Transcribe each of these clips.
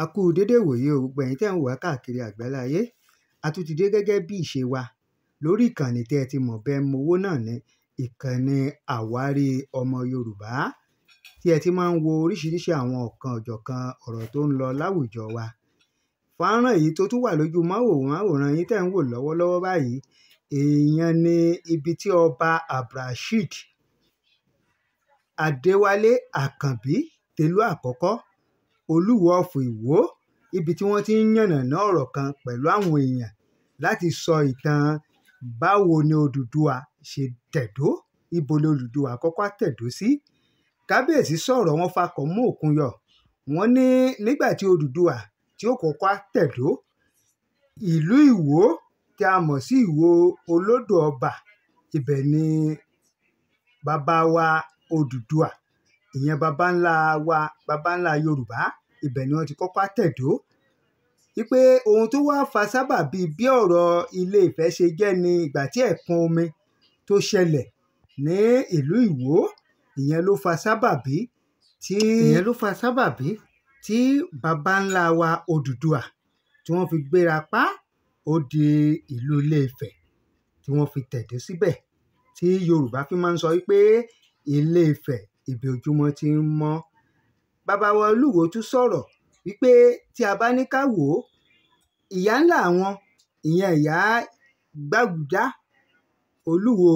A kú dédé ìwòyí o gbogbo ẹ̀yin tẹ́ ẹ̀ ń wò wá káàkiri àgbáláyé. A tún ti dé gẹ́gẹ́ bí ìṣe wa lórí ìkànnì tí ẹ ti mọ̀ bẹ́ẹ̀ mowó náà ni ìkànnì àwárí ọmọ Yorùbá tí ẹ ti máa ń wo oríṣiríṣi àwọn ọ̀kan òjọ̀kan ọ̀rọ̀ tó ń lọ láwùjọ wa. Fọ́nrán èyí tó tún wà lójú móhùnmáwòrán yín tẹ́ ń wò lọ́wọ́lọ́wọ́ báyìí, èèyàn ni ibi tí Ọba Abdulrasheed Adéwálé Àkànbí Tẹ̀lú Àkọ́kọ́ Olúwo of Ìwó, ibi tí wọ́n ti ń yànnàná ọ̀rọ̀ kan pẹ̀lú àwọn èèyàn láti sọ ìtàn báwo ni Odùduwà ṣe tẹ̀dó, ibo ni Odùduwà kọ́kọ́ tẹ̀dó sí. Kábíyèsí sọ̀rọ̀ wọn fakọ̀ mọ́ òkun-yọ̀. Wọ́n ní nígbà tí Odùduwà tí ó kọ́kọ́ tẹ̀dó, ìlú Ìwó tí a mọ̀ sí Ìwó-Olódò-ọba, ibẹ̀ ni bàbá wa Odùduwà, ìyẹn baba ńlá wa, baba ńlá Yorùbá ibẹ̀ ni wọ́n ti kọ́kọ́ tẹ̀dó wípé ohun tó wá fa sábàbí bí ọ̀rọ̀ Ilé Ifẹ̀ ṣe jẹ́ ni ìgbà tí ẹ̀kún omi tó ṣẹlẹ̀ ní ìlú Ìwó ìyẹn ló fa sábàbí tí ìyẹn ló fa sábàbí tí baba ńlá wa Odùduwà tí wọ́n fi gbéra pa ó di ìlú Ilé Ifẹ̀ tí wọ́n fi tẹ̀dó síbẹ̀ tí Yorùbá fi máa ń sọ wípé Ilé Ifẹ̀ ibi ojúmọ́ ti ń mọ́ babawa wa olùwòo tún sọ̀rọ̀ wípé tí a bá ní ká wò ó ìyá ńlá àwọn ìyẹn ìyá gbàgùdá olùwòo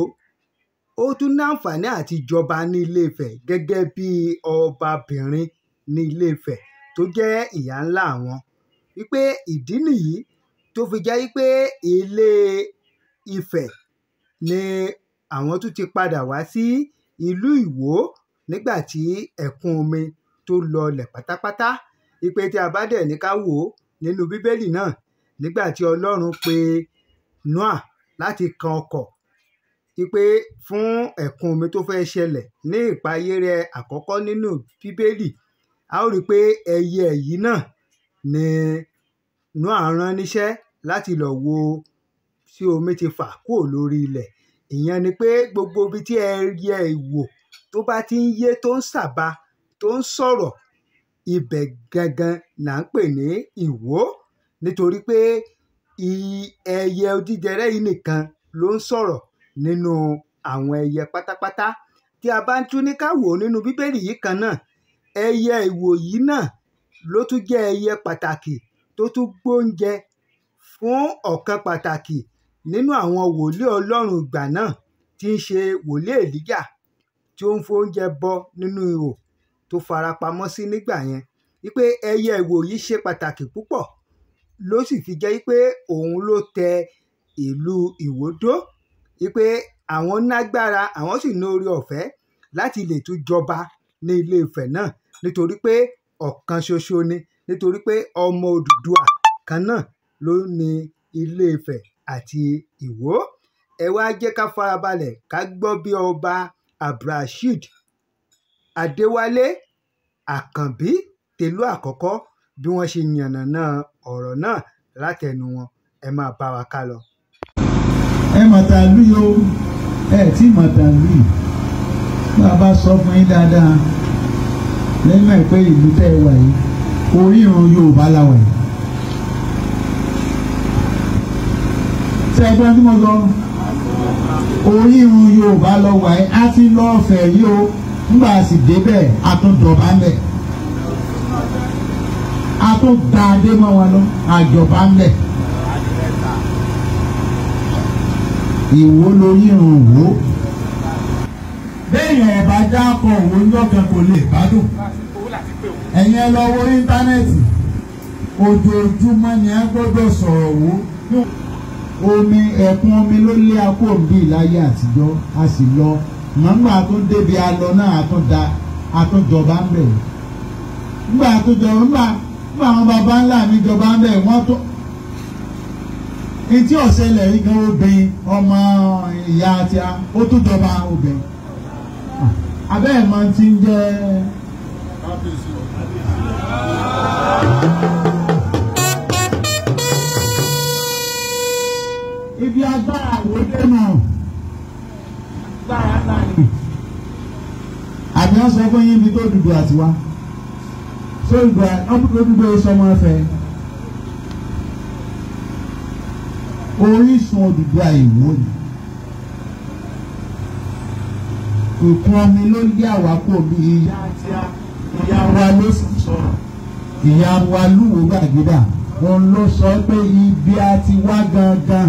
ó tún láǹfààní àti jọba ní Ilé-Ifẹ̀ gẹ́gẹ́ bí ọbabìnrin ní Ilé-Ifẹ̀ tó jẹ́ ìyá ńlá àwọn wípé ìdí nìyí tó fi jẹ́ wípé Ilé-Ifẹ̀ ni àwọn tún ti padà wá sí ìlú Ìwó nígbà tí ẹ̀kún omi tó lọlẹ̀ pátápátá ìpè tí a bá dé ní ká wò ó nínú Bíbélì náà nígbà tí Ọlọ́run pe Noah láti kan ọkọ̀ ìpè fún ẹ̀kún omi tó fẹ́ ṣẹlẹ̀ ní ìpayérẹ́ àkọ́kọ́ nínú Bíbélì a ó rí i pé ẹyẹ yìí náà ni Noah rán níṣẹ́ láti lọ wo tí omi ti fà kúrò lórí ilẹ̀ ìyẹn ni pé gbogbo ibi tí ẹyẹ ìwò tó bá ti ń yé tó ń sàba tó ń sọ̀rọ̀ ibẹ̀ gangan là ń pè ní Ìwó nítorí pé ẹyẹ odídẹrẹ́ yìí nìkan ló ń sọ̀rọ̀ nínú àwọn ẹyẹ pátápátá tí a bá ń tún ní ká wò nínú bíbélì yìí kan náà ẹyẹ Ìwó yìí náà ló tún jẹ́ ẹyẹ pàtàkì tó tún gbóúnjẹ fún ọ̀kan pàtàkì nínú àwọn wòlíì Ọlọ́run ìgbà náà tí ń ṣe wòlíì Èlíjà tí ó ń fóúnjẹ bọ nínú ihò tó farapamọ́ sí nígbà yẹn wípé ẹyẹ ìwò yìí ṣe pàtàkì púpọ̀ ló sì fi jẹ́ wípé òun ló tẹ ìlú Ìwó dó wípé àwọn nágbára àwọn sì ní oore ọ̀fẹ́ láti lè tún jọba ní Ilé-Ifẹ̀ náà nítorí pé ọ̀kan ṣoṣo ni nítorí pé ọmọ Odùduwà kan náà ló ní Ilé-Ifẹ̀ àti Ìwó ẹ wá jẹ́ ká farabalẹ̀ ká gbọ́ bí ọba Abdulrasheed Adéwálé Àkànbí Tèlú Àkọ́kọ́ bí wọ́n ṣe yànnàná ọ̀rọ̀ náà látẹnu wọn. Ẹ máa bá wa ká lọ. Ẹ mà tàlú yìí o, ẹ tí mà tàlú yìí. Bá a bá sọ fún yín dáadáa, lẹ́yìn náà pé ìlú tẹ́ ẹ wà yìí, orírun Yorùbá la wà yìí. Ṣé ẹ gbọ́n tí mo sọ? Orírun Yorùbá lọ wà yìí, á ti lọ́ọ̀fẹ̀ yìí o nígbà sì débẹ̀ a tún dọ̀bá ń bẹ̀ a tún da adé mọ́ wọn lọ àjọba ń bẹ̀ ìwó lórí irun wò béèyàn ẹ̀ bá já kọ òun lọ́kàn kò lè bá dùn ẹ̀yin ẹ lọ wo íńtánẹ́ẹ̀tì ojoojúmọ́ ni a gbọ́dọ̀ sọ̀rọ̀ wò omi ẹ̀kún omi ló lé akóńbì láyé àtijọ́ a sì lọ mọ̀ngbà tó débi alọ náà àtúnda àtúnjọba ń bẹ̀ ngbà àtúnjọba ngbà ngbà àwọn baba ńlá mi jọba ń bẹ̀ wọ́n tó etí ọ̀sẹ̀lẹ̀ igi obìnrin ọmọ ìyá àti ó tó jọba obìnrin abẹ́ẹ̀ ti ń jẹ́. Thank you. wọ́n sọ fún yín bí tó dùdú àti wá so ìgbà ọ́pùtò dúdú sọmọ ẹ̀fẹ̀ orísun òdùdú àìwò ni ìkún omi ló lé àwákò bí ìyá àti ìyá wa ló sì sọ̀rọ̀ ìyá wa lúwo gbàgídà òun ló sọ pé ibi a ti wá gangan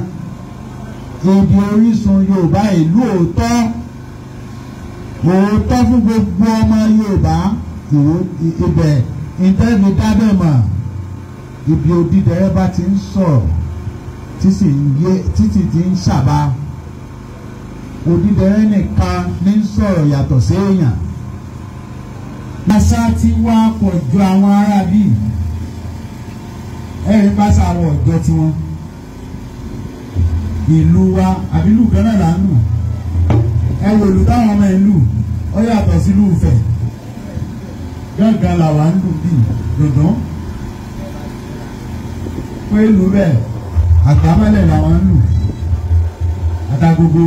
ibi orísun Yorùbá ìlú òótọ́ òótọ́ fún gbogbo ọmọ Yorùbá ibẹ̀ ìtẹ́ni dábẹ́ mọ̀ ibi odídẹrẹ́ bá ti ń sọ̀rọ̀ títí ti ń ṣàbá odídẹrẹ́ nìkan ní ń sọ̀rọ̀ yàtọ̀ sí èèyàn. àṣà ti wá pọ̀ ju àwọn ará bíi ẹ̀rí pàṣẹ àwọn ọ̀dọ́ tiwọn ìlú wa àbílù kan náà là ń nù òlù táwọn ọmọ ìlú ó yàtọ̀ sílù Ifẹ̀ gángan làwa ń lù bí dùndún pé ìlú bẹ́ẹ̀ àtàmọ́lẹ̀ làwọn ń lù àtàgógó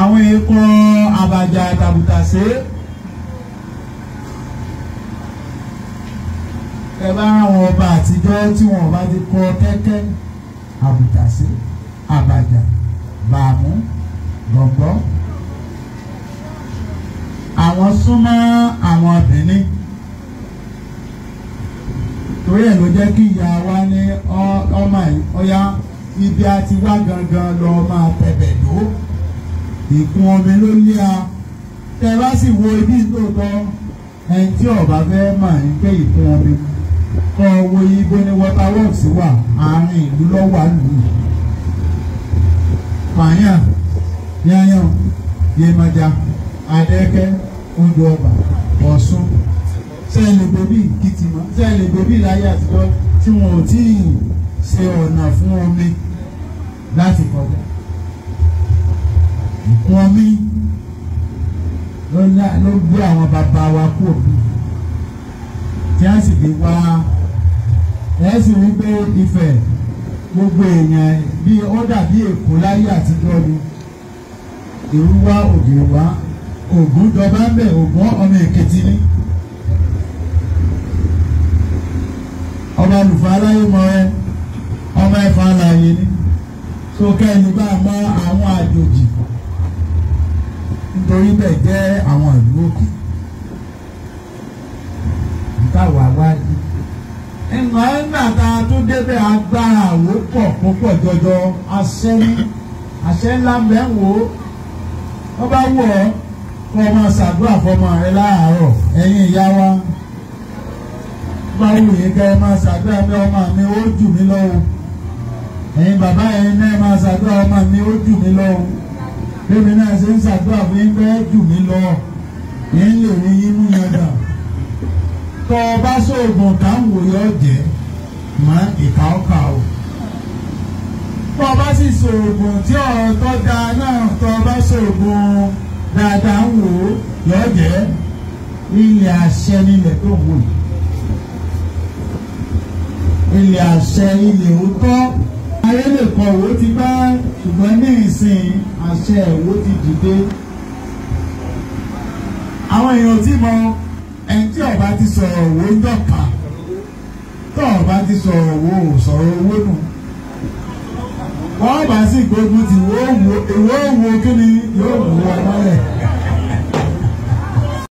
àwọn ikọ̀ àbàjá àtàbùtàṣe. ẹ bá àwọn ọba àtijọ́ tí wọ́n bá ti kọ kẹ́kẹ́ àbùtàṣe àbàjá bàmú gbọ̀ngbọ́n àwọn súnmọ́ àwọn obìnrin torí ẹ̀ ló jẹ́ kí ìyá wa ní ọmọ ọ̀yá ibi a ti wá gangan lọ máa tẹ̀bẹ̀ dó ìkún omi ló lé a tẹ bá sì wo ibi lóòótọ́ ẹni tí ọba fẹ́ mà ń gbé ìkún omi kọ́ wo ibo ni water works wà àárín ìlú lọ́wọ́ àlùyìí pààyàn. Yanyan, Yemaja, Adẹ́kẹ́, Odò Ọba, Ọ̀ṣun. Sẹ́ẹ̀lì bèbí Kìtìmọ́, sẹ́ẹ̀lì bèbí láyé àtijọ́ tí wọn ò tí ì ṣe ọ̀nà fún omi láti kọjá. Omi ló gbé àwọn bàbá wa kú òbí tí a sì fi wá ẹ sì rí gbogbo èèyàn bí ó dàbí Èkó láyé àtijọ́ ni. ìlú wá ògèrè ògùn dọba ń bẹ ògùn ọmọ èkìtì ni. ọba olùfọ aláyé mọ ẹ ọba ẹfọ aláyé ni tó kẹ́ni bá mọ àwọn àjòjì nítorí bẹ́ẹ̀ jẹ́ àwọn ìlú òkè táwa wá yìí. a débẹ̀ agbára àwòpọ̀ púpọ̀ jọjọ aṣẹ́ ńlá mẹ́wòó. wọ́n bá wù ọ́ kó o máa ṣàdúrà fọmọ rẹ láàárọ̀ ẹ̀yin ìyá wa bá wù yín kẹ́ ẹ máa ṣàdúrà pé ọmọ mi ó jù mí lọ́wọ́ ẹ̀yin bàbá ẹ̀yin náà máa ṣàdúrà ọmọ mi ó jù mí lọ́wọ́ bẹ́ẹ̀ mi náà ṣe ń ṣàdúrà fún yín pé jù mí lọ́wọ́ yín lè rí yín mú yẹn dà tọ́ ọ bá sóògùn táwọn òye ọ̀jẹ̀ máa ìka ọ̀ka o tó o bá sì ṣoògùn tí ọ̀rọ̀ tó da náà tó o bá ṣoògùn dáadáa ń wò ó yọ̀ọ́ jẹ́ ilẹ̀ àṣẹ nílẹ̀ tó wù yìí ilẹ̀ àṣẹ ilẹ̀ òótọ́ ayé lè kọ òwò ti bá ṣùgbọ́n ní ìsìn àṣẹ òwò ti dìde àwọn èèyàn tí mọ ẹni tí ọba ti sọ̀rọ̀ òwò ń dọ̀ka tó ọba ti sọ̀rọ̀ òwò ò sọ̀rọ̀ owó nù bọ́ọ̀bà sì gbógun tì wọ́n wo kí ni yóò wọ ọ lálẹ́.